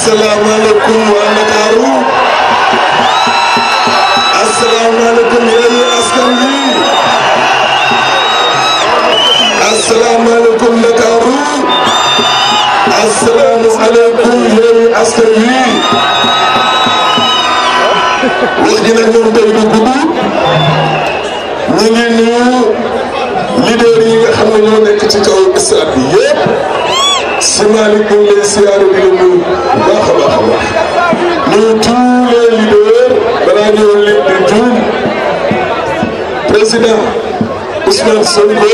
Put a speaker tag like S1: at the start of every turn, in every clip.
S1: asalaamaaleykum waa Ndakaaru asalaamaaleykum yéen askan wi asalaamaaleykum Ndakaaru asalaamaaleykum yéen askan wi wax ji nag ñoom tey du gudd ñu ngi nuyu leader yi nga xam ne ñoo nekk ci kaw stade bi yëpp si Malick ñu ngi lay siyaare di président Ousmane Sonko maa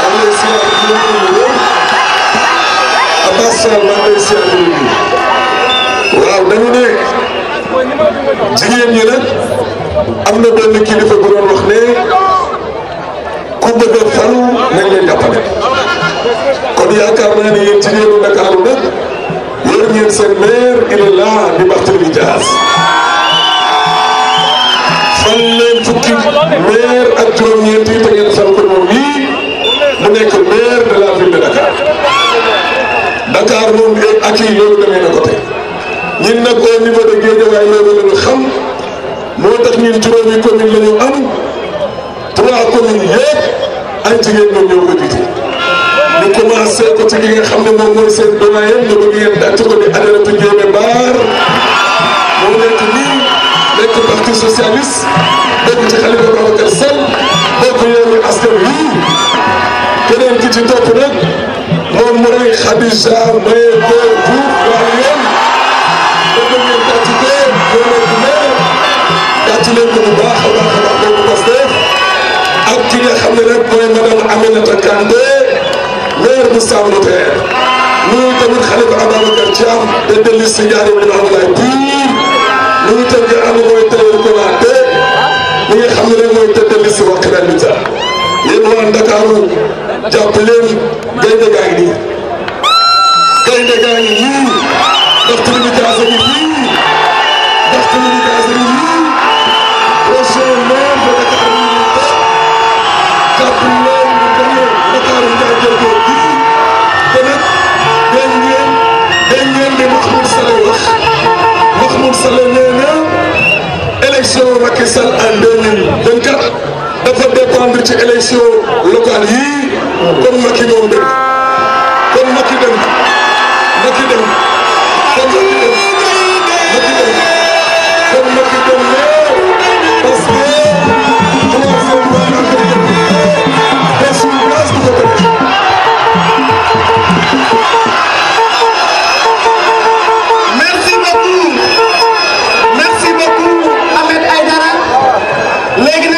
S1: ngi lay siyaar di la nuyu Abbas Sall maa ngi lay siyaar di la nuyu waaw dañu ne jigéen ñi nag am na benn kilifa bu doon wax ne ku bëgg a falu nañ leen jàppale kon yaakaar naa ne yéen jigéenu Ndakaaru nag yor ngeen seen maire il est là di Barthélémy Dias maire ak juróom-ñeent yi te ngeen sal ko moom lii mu nekk maire de la ville de Dakar Dakar moom ak yi loolu demee na côté na nag au niveau de Guédiawaye loolu la ñu xam moo tax ñun juróomi commune la ñu am trois communes yëpp ay jigéen ñoom ñoo ko jiite ñu commencé ko ci li nga xam moom mooy seen doyen ñu bëgg ngeen dàcc ko di Adjaratou Ndiémé Baar moo nekk nii nekk parti socialiste dëkk ci Khalifa Babacar Sall dëkk Yewwi Askan Wi keneen ki ci topp nag moom mooy Khadija Maye Coor Diouf waa Lyon dëgg ngeen tàccute ñoo nekk maire tàcc leen ko bu baax a baax a baax doomu Pastef ak ki nga xam ne nag mooy madame Aminata Kandé maire bu Sam Notaire nuyu tamit Khalifa Ababacar Thiam de delli si ñaari bi nga xam ne laay jàpp leen gaynde gaa ngi nii gaynde gaa ngi nii ndax Torgny Dias a ngi nii ndax Torgny Dias a ngi nii prochain maire de Dakar ñu ngi toog jàpp leen mu demee Dakar Ndiaye jógee nii te nag dañ ngeen dañ ngeen di Mahmoud Saleh wax Mahmoud Saleh nee na élection Macky léegi